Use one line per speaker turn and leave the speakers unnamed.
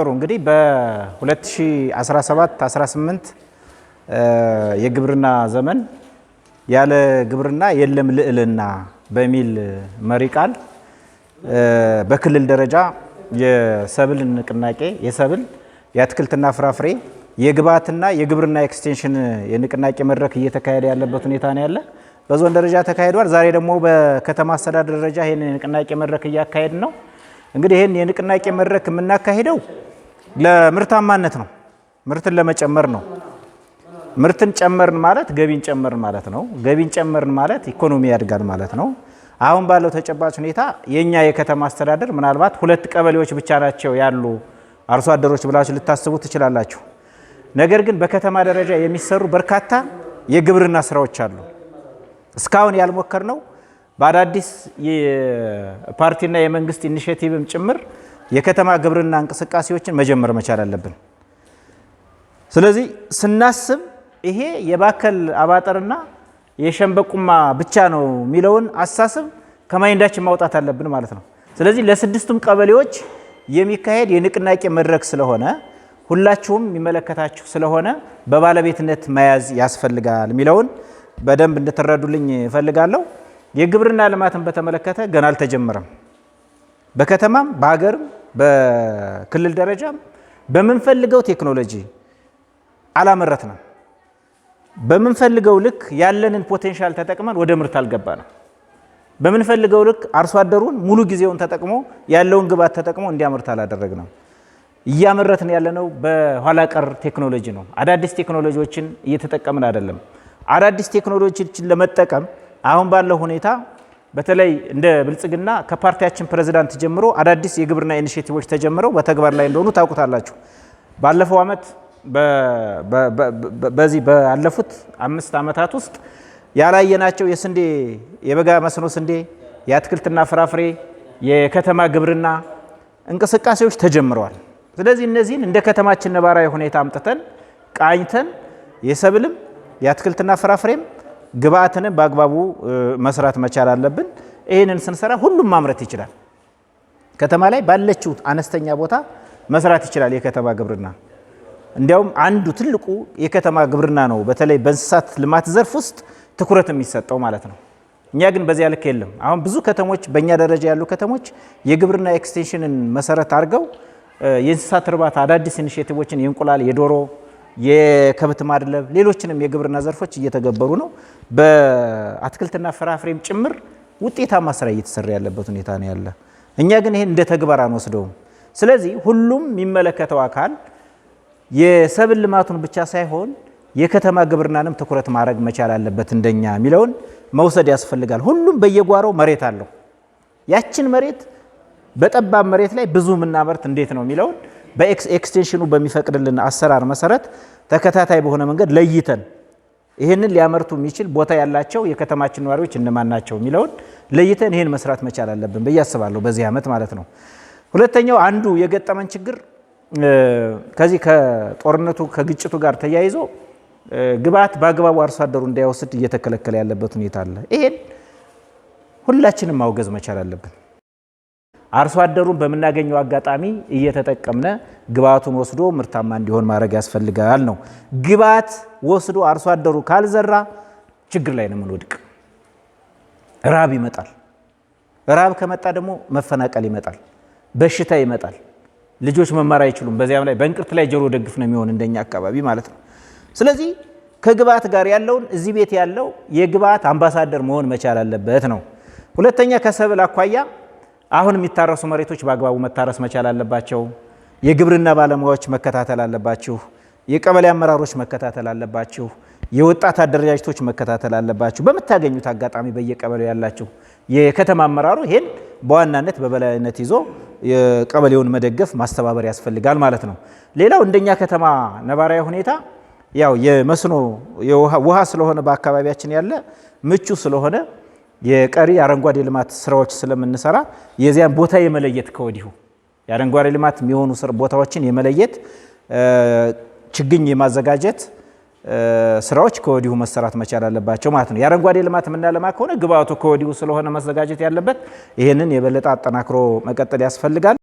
ጥሩ እንግዲህ በ2017 18 የግብርና ዘመን ያለ ግብርና የለም ልዕልና በሚል መሪ ቃል በክልል ደረጃ የሰብል ንቅናቄ የሰብል የአትክልትና ፍራፍሬ የግብዓትና የግብርና ኤክስቴንሽን የንቅናቄ መድረክ እየተካሄደ ያለበት ሁኔታ ነው ያለ። በዞን ደረጃ ተካሂዷል። ዛሬ ደግሞ በከተማ አስተዳደር ደረጃ ይህን የንቅናቄ መድረክ እያካሄድ ነው። እንግዲህ ይህን የንቅናቄ መድረክ የምናካሄደው ለምርታማነት ነው። ምርትን ለመጨመር ነው። ምርትን ጨመርን ማለት ገቢን ጨመርን ማለት ነው። ገቢን ጨመርን ማለት ኢኮኖሚ ያድጋል ማለት ነው። አሁን ባለው ተጨባጭ ሁኔታ የኛ የከተማ አስተዳደር ምናልባት ሁለት ቀበሌዎች ብቻ ናቸው ያሉ አርሶ አደሮች ብላችሁ ልታስቡ ትችላላችሁ። ነገር ግን በከተማ ደረጃ የሚሰሩ በርካታ የግብርና ስራዎች አሉ እስካሁን ያልሞከር ነው በአዳዲስ የፓርቲና የመንግስት ኢኒሽቲቭም ጭምር የከተማ ግብርና እንቅስቃሴዎችን መጀመር መቻል አለብን። ስለዚህ ስናስብ ይሄ የባከል አባጠርና የሸንበቁማ ብቻ ነው የሚለውን አሳስብ ከማይንዳችን ማውጣት አለብን ማለት ነው። ስለዚህ ለስድስቱም ቀበሌዎች የሚካሄድ የንቅናቄ መድረክ ስለሆነ ሁላችሁም የሚመለከታችሁ ስለሆነ በባለቤትነት መያዝ ያስፈልጋል የሚለውን በደንብ እንድትረዱልኝ እፈልጋለሁ። የግብርና ልማትን በተመለከተ ገና አልተጀመረም። በከተማም በሀገርም በክልል ደረጃም በምንፈልገው ቴክኖሎጂ አላመረት ነው። በምንፈልገው ልክ ያለንን ፖቴንሻል ተጠቅመን ወደ ምርት አልገባ ነው። በምንፈልገው ልክ አርሶ አደሩን ሙሉ ጊዜውን ተጠቅሞ ያለውን ግብዓት ተጠቅሞ እንዲያመርት አላደረግ ነው። እያመረትን ያለነው በኋላ ቀር ቴክኖሎጂ ነው። አዳዲስ ቴክኖሎጂዎችን እየተጠቀምን አይደለም። አዳዲስ ቴክኖሎጂዎችን ለመጠቀም አሁን ባለው ሁኔታ በተለይ እንደ ብልጽግና ከፓርቲያችን ፕሬዝዳንት ጀምሮ አዳዲስ የግብርና ኢኒሽቲቮች ተጀምረው በተግባር ላይ እንደሆኑ ታውቁታላችሁ። ባለፈው ዓመት በዚህ ባለፉት አምስት ዓመታት ውስጥ ያላየናቸው የስንዴ የበጋ መስኖ ስንዴ፣ የአትክልትና ፍራፍሬ፣ የከተማ ግብርና እንቅስቃሴዎች ተጀምረዋል። ስለዚህ እነዚህን እንደ ከተማችን ነባራዊ ሁኔታ አምጥተን ቃኝተን የሰብልም የአትክልትና ፍራፍሬም ግብአትንም በአግባቡ መስራት መቻል አለብን። ይህንን ስንሰራ ሁሉም ማምረት ይችላል። ከተማ ላይ ባለችው አነስተኛ ቦታ መስራት ይችላል የከተማ ግብርና። እንዲያውም አንዱ ትልቁ የከተማ ግብርና ነው፣ በተለይ በእንስሳት ልማት ዘርፍ ውስጥ ትኩረት የሚሰጠው ማለት ነው። እኛ ግን በዚያ ልክ የለም። አሁን ብዙ ከተሞች፣ በእኛ ደረጃ ያሉ ከተሞች የግብርና ኤክስቴንሽንን መሰረት አድርገው የእንስሳት እርባታ አዳዲስ ኢኒሽቲቮችን የእንቁላል፣ የዶሮ የከብት ማድለብ፣ ሌሎችንም የግብርና ዘርፎች እየተገበሩ ነው። በአትክልትና ፍራፍሬም ጭምር ውጤታማ ስራ እየተሰራ ያለበት ሁኔታ ነው ያለ። እኛ ግን ይሄን እንደ ተግባር አንወስደውም። ስለዚህ ሁሉም የሚመለከተው አካል የሰብል ልማቱን ብቻ ሳይሆን የከተማ ግብርናንም ትኩረት ማድረግ መቻል አለበት፣ እንደኛ የሚለውን መውሰድ ያስፈልጋል። ሁሉም በየጓሮው መሬት አለው። ያችን መሬት በጠባብ መሬት ላይ ብዙ ምናመርት እንዴት ነው የሚለውን በኤክስቴንሽኑ በሚፈቅድልን አሰራር መሰረት ተከታታይ በሆነ መንገድ ለይተን ይህንን ሊያመርቱ የሚችል ቦታ ያላቸው የከተማችን ነዋሪዎች እነማን ናቸው የሚለውን ለይተን ይህን መስራት መቻል አለብን ብዬ አስባለሁ፣ በዚህ ዓመት ማለት ነው። ሁለተኛው አንዱ የገጠመን ችግር ከዚህ ከጦርነቱ ከግጭቱ ጋር ተያይዞ ግብዓት በአግባቡ አርሶ አደሩ እንዳይወስድ እየተከለከለ ያለበት ሁኔታ አለ። ይሄን ሁላችንም ማውገዝ መቻል አለብን። አርሶ አደሩን በምናገኘው አጋጣሚ እየተጠቀምነ ግብአቱን ወስዶ ምርታማ እንዲሆን ማድረግ ያስፈልጋል ነው። ግብአት ወስዶ አርሶ አደሩ ካልዘራ ችግር ላይ ነው የምንወድቅ። ራብ ይመጣል። ራብ ከመጣ ደግሞ መፈናቀል ይመጣል፣ በሽታ ይመጣል። ልጆች መማር አይችሉም። በዚያም ላይ በእንቅርት ላይ ጆሮ ደግፍ ነው የሚሆን እንደኛ አካባቢ ማለት ነው። ስለዚህ ከግብአት ጋር ያለውን እዚህ ቤት ያለው የግብአት አምባሳደር መሆን መቻል አለበት ነው። ሁለተኛ ከሰብል አኳያ አሁን የሚታረሱ መሬቶች በአግባቡ መታረስ መቻል አለባቸው። የግብርና ባለሙያዎች መከታተል አለባችሁ። የቀበሌ አመራሮች መከታተል አለባችሁ። የወጣት አደረጃጀቶች መከታተል አለባችሁ። በምታገኙት አጋጣሚ በየቀበሌው ያላችሁ የከተማ አመራሩ ይሄን በዋናነት በበላይነት ይዞ የቀበሌውን መደገፍ ማስተባበር ያስፈልጋል ማለት ነው። ሌላው እንደኛ ከተማ ነባራዊ ሁኔታ ያው የመስኖ ውሃ ስለሆነ በአካባቢያችን ያለ ምቹ ስለሆነ የቀሪ የአረንጓዴ ልማት ስራዎች ስለምንሰራ የዚያን ቦታ የመለየት ከወዲሁ የአረንጓዴ ልማት የሚሆኑ ቦታዎችን የመለየት ችግኝ የማዘጋጀት ስራዎች ከወዲሁ መሰራት መቻል አለባቸው ማለት ነው። የአረንጓዴ ልማት የምናለማ ከሆነ ግብአቱ ከወዲሁ ስለሆነ መዘጋጀት ያለበት ይህንን የበለጠ አጠናክሮ መቀጠል ያስፈልጋል።